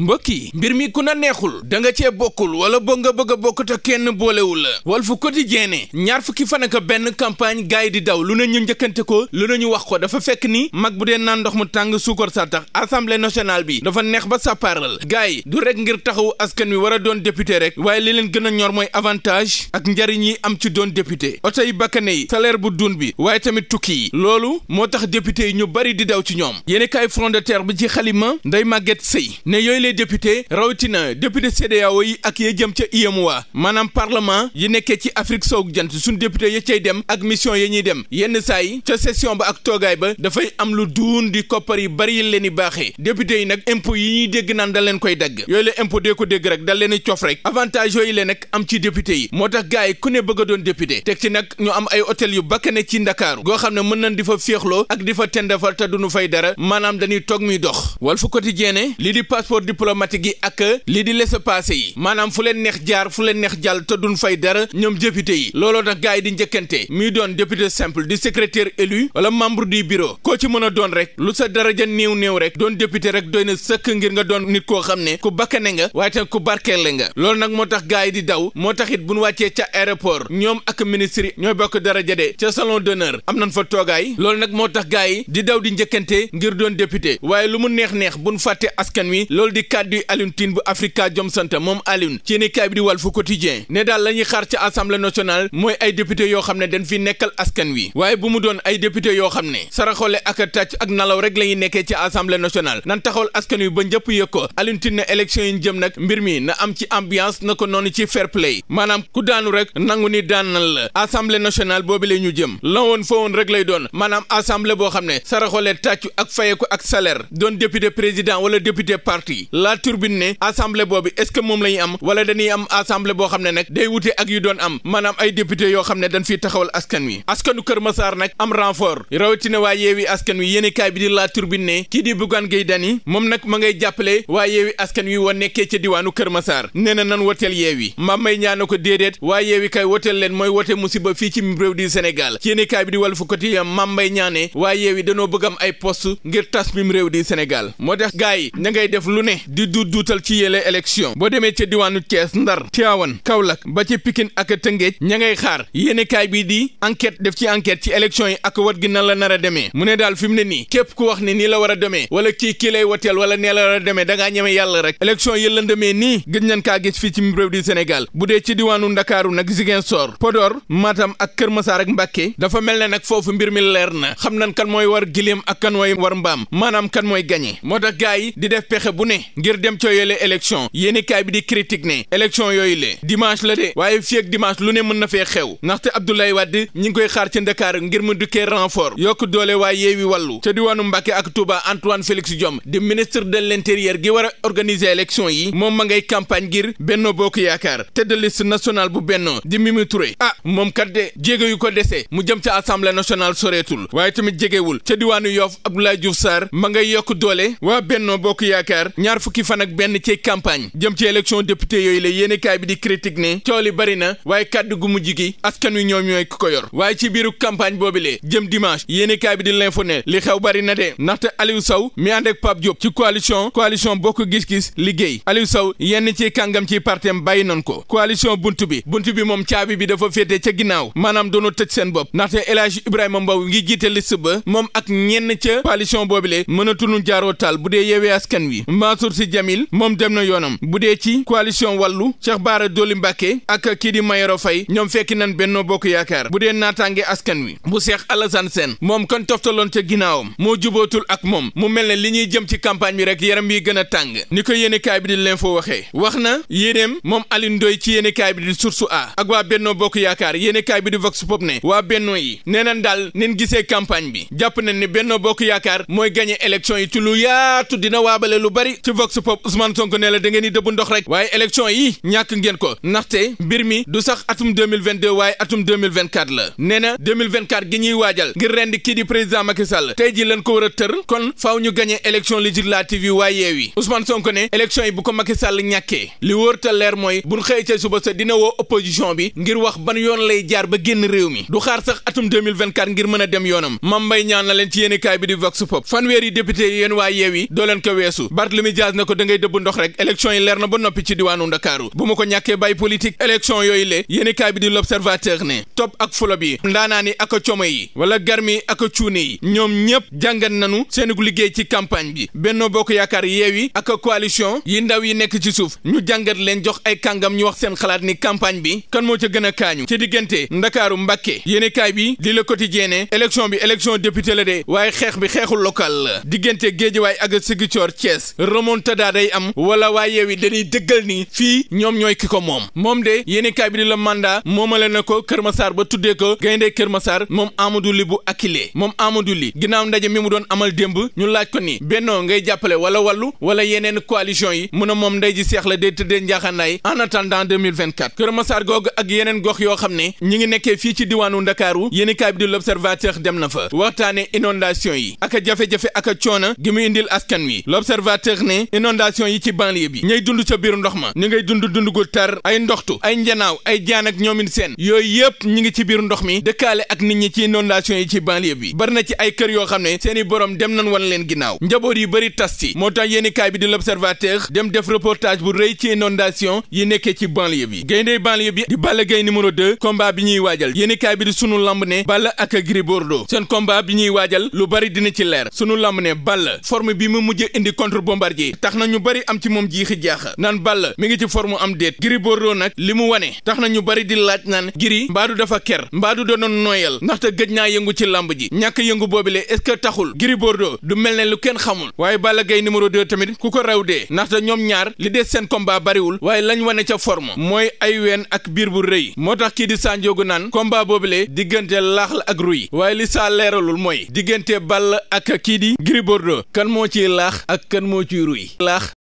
mbokk yi mbir mi ku na neexul danga nga bokkul wala ba nga bëgg a bokk te kenn boolewul la Walf Quotidien ñaar fukki fan ak benn campagne gars yi di daw lu ne ñu njëkkante ko lu ne ñu wax ko dafa fekk ni mag bu dee naan ndox mu tàng suukar sa tax assemblée nationale bi dafa neex ba sàppaaral gars yi du rek ngir taxawu askan wi war a doon député rek waaye li leen gën ñor mooy avantage ak njariñ yi am ci doon député oto yi bakkane yi salaire bu dun bi waaye tamit tukki loolu moo tax député yi ñu bari di daw ci ñoom yéen kaay front de terre bi ci xalima nday màgget sëy les députés rawatina député CEDEAO yi ak ya jëm ca UEMOA maanaam parlement yi nekkee ci Afrique soowu jant suñ député ya cay dem ak mission ya ñuy dem yenn saa yi ca session ba ak toogaay ba dafay am lu duun di koppar yi bari yi leen di baaxee député yi nag impôt yi ñuy dégg naan da leen koy dagg yooyu la impôt dee ko dégg rek da leen di cof rek avantage yooyu la nag am ci député yi moo tax gars yi ku ne bëgg a doon député teg ci nag ñu am ay hôtel yu bakkane ci Ndakaaru goo xam ne mën nañ di fa féexloo ak di fa tendafal te duñu fay dara maanaam dañuy toog muy dox diplomatique yi ak lii di laissez-passer yi maanaam fu leen neex jaar fu leen neex jàll te duñ fay dara ñoom député yi looloo tax gars yi di njëkkante muy doon député simple di secrétaire élu wala membre du bureau koo ci mën a doon rek lu sa daraja néew néew rek doon député rek doy na sëkk ngir nga doon nit koo xam ne ku bakkane nga waaye tamit ku barkeele nga loolu nag moo tax gaa yi di daw moo tax it bu ñu wàccee ca aéroport ñoom ak ministre yi ñooy bokk daraja de ca salon d'honneur am nañ fa toogaay loolu nag moo tax gars yi di daw di njëkkante ngir doon député waaye lu di kàddu Alioune Tine bu Afrikajom Center moom Alioune ci yéen kaay bi di Walf Quotidien ne daal la ñuy xaar ci assemblée mooy ay député yoo ne dañ fi nekkal askan wi waaye bu mu doon ay député yoo ne saraxole ak a tàcc ak nalaw rek la ñuy nekkee ci assemblée nan taxawal askan wi ba njëpp yëg ko Alioune Tine ne yi jëm nag mbir mi na am ci ambiance na ko noonu ci fair play maanaam ku daanu rek nangu ni daanal la assemblée nationale boobu la ñu jëm la woon la turbine ne assemblée boobu ce que moom la am wala dañuy am assemblée boo xam ne nag day wute ak yu doon am maanaam ay député yoo xam ne dañ fiy taxawal askan wi askanu Kër Masaar nag am renfort rawatina waa yeewi askan wi yéenekaay bi di la turbine kii di Bougane Gueye Dany moom nag ma ngay jàppale waa yeewi askan wi wa nekkee ca diwaanu Kër Masaar nee na nan woteel yeewi mam may ñaana ko déedéet waa yeewi kay woteel leen mooy wote musiba fii ci réew di Sénégal ci yéenekaay bi di Walf Quotidien m may ñaane waa yeewi dañoo bëgg am ay poste ngir tas mim réew di Sénégal moo tax gaay yi na ngay def lu ne di du duutal ci yële élection boo demee ca diwaanu Thiès Ndar Tivaouane Kaolack ba ci Pikine ak Tëngéej ña ngay xaar yéenekaay bii di enquête def ci enquête ci élection yi ak wat gi nan la nar a deme mu ne daal fi mu ne nii képp ku wax ni nii la war a deme wala kii kii lay woteel wala nee la war a demee da ngaa ñeme yàlla rek élection yi la demee nii gën nañ kaa gis fii ci réew di Sénégal bu dee ci diwaanu Ndakaaru nag Ziguinchor Podor Matam ak Kër Masaar ak Mbàkke dafa mel ne nag foofu mbir mi leer na xam nan kan mooy war giléem ak kan mooy war mbaam maanaam kan mooy gañe moo yi di def pexe bu ne ngir dem ca yële élection yéeni kaay bi di critique ne élection yooyu le dimanche la de waaye fii ak lu ne mën na fee xew ndaxte Abdoulaye Wade ñi ngi koy xaar ci Ndakaar ngir mu dukkee renfort yokk doole waa Yewwi Wallu ca diwaanu Mbàkke ak Touba Antoine Félix Diome di ministre de l'intérieur gi war a organiser élection yi moom ma ngay campagne ngir Benno Bokk Yaakaar te de liste nationale bu Benno di Mimi Touré ah moom kat de yu ko dese mu jëm ca assemblée nationale soreetul waaye tamit jegewul ca diwaanu Yoff Abdoulaye Diouf Sarr ma ngay yokk doole waa Benno Bokk Yaakaar ñaar fukki fan ak benn ci campagne jëm ci élection député yooyu la yéenekaay bi di critique ne cool yi bari na waaye kadd gu mujj gi askan wi ñoom ñooy ku ko yor waaye ci biiru campagne boobi lee jëm dimanche yéenekaay bi di l'info ne li xew bari na de ndaxte Aliou Sow mi ànd ak Pape Diop ci coalition coalition bokk gis-gis liggéey Aliou saw yenn ci kàngam ci partem bàyyi nañ ko coalition bunt bi bunt bi moom caabi bi dafa féete ca ginnaaw maanaam doonu tëj seen bopp ndaxte El Hadj Ibrahima Mbow ngi jiite liste ba moom ak ñenn ca coalition boobi lee mënatunu jaaroo taal bu dee yeewee askan wi Sirsi Jamil moom dem na yoonam bu dee ci coalition wàllu Cheikh Baara Doli Mbàkke ak kii di Mayoro Faye ñoom fekki nan Benno Bokk Yaakaar bu dee naataange askan wi bu Cheikh Alassane Sène moom kon toftaloon ca ginnaawam moo jubootul ak moom mu mel ne li ñuy jëm ci campagne bi rek yaram yi gën a tàng ni ko yéenekaay bi di l'info waxee wax na yéeneem moom Alioune Ndoye ci yéenekaay bi di Source A ak waa Benno Bokk Yaakaar yéenekaay bi di Vox Pop ne waa Benno yi nee nañ daal nin gisee campagne bi jàpp nañ ni Benno Bokk Yaakaar mooy gagné élection vox pop Ousmane Sonko ne la da ngeen dëbb ndox rek waaye élection yi ñàkk ngeen ko ndaxte mbir mi du sax atum waaye atum la nee gi ñuy waajal ngir ren di kii di président tey ji lañ ko war a tër kon faaw ñu gagné élection législative yi waaye yeewi Ousmane Sonko ne élection yi bu ko Macky Sall ñàkkee li wóor leer mooy buñ xëy ca suba sa dina woo opposition bi ngir wax ban yoon lay jaar ba génn réew mi du xaar sax atum ngir mën a dem yoonam ne ko da ngay dëbb ndox rek élection yi leer na ba noppi ci diwaanu ndakaaru bu ma ko ñàkkee bàyyi politique élection yooyu le yéeni kaay bi di l'observateur ne top ak flop yi ndaanaa ni ak a como yi wala garmi ak a yi ñoom ñëpp jàngat nanu seenug liggéey ci campagne bi Benno Bokk Yaakaar Yewwi ak coalition yi ndaw yi nekk ci suuf ñu jàngat leen jox ay kàngam ñu wax seen xalaat ni campagne bi kan moo ca gën a ñu ci diggante ndakaaru mbàkke yéeni bi di Le Quotidien ne élection bi élection député la de waaye xeex bi xeexu local la diggante géejawaay ak Ziguinchor Thiès remontada day am wala waa yeewi dañuy dëggal ni fii ñoom ñooy ki ko moom moom de yéeni kaay bi di la mandat moomale na ko Kër Massar ba tuddee ko gayndee Kër Massar moom Amadou Ly bu Akilee moom Amadou Ly ginnaaw ndaje mi mu doon amal demb ñu laaj ko ni bennoo ngay jàppale wala wàllu wala yeneen coalition yi mun a moom ndey ji seex la day tëddee njaaxanaay en attendant 2024 Kër Massar googu ak yeneen gox yoo xam ne ñi ngi nekkee fii ci diwaanu Ndakaaru yéeni kaay bi di l'Observateur dem na fa waxtaane inondation yi ak jafe ak coono gi mu askan wi ne inondation yi ci banlieue bi ñay dund ca biir ndox ma ñu ngay dund dund gu tar ay ndoxtu ay njanaaw ay jaan ak ñoomin seen yooyu yëpp ñu ngi ci biir ndox mi dëkkaale ak nit ñi ci inondation yi ci banlieue bi bari na ci ay kër yoo xam ne seeni borom dem nañ wan leen ginnaaw njaboot yi bëri tas ci moo tax yéenikaay bi di l'observateur dem def reportage bu rëy ci inondation yi nekkee ci banlieue bi gayndey banlieue bi di Balla Gaye numéro 2 combat bi ñuy waajal yéenikaay bi di sunu lamb ne Balla ak Gris Bordeaux seen combat bi ñuy waajal lu bari dina ci leer sunu lamb ne Balla forme indi contre bombardier yi tax na ñu bari am ci moom jiixi jaaxa naan Balla mi ngi ci forme am déet Gris Bordeaux nag li mu wane tax na ñu bari di laaj naan Gris mbaadu dafa ker du doonoon nooyal ndaxte gëj naa yëngu ci làmb ji ñàkk yëngu boobile est-ce que taxul Gris Bordeaux du mel ne lu kenn xamul waaye Balla Gaye numéro 2 tamit ku ko raw dee ndaxte ñoom ñaar li des seen combat bariwul waaye lañ wane ca forme mooy ay ween ak biir bu rëy moo tax kii di sanjoogu naan combat boobile diggante laax la ak ruy waaye li saa leeralul mooy diggante Balla ak kii di Gris kan moo ciy laax kan moo ciy wi. laax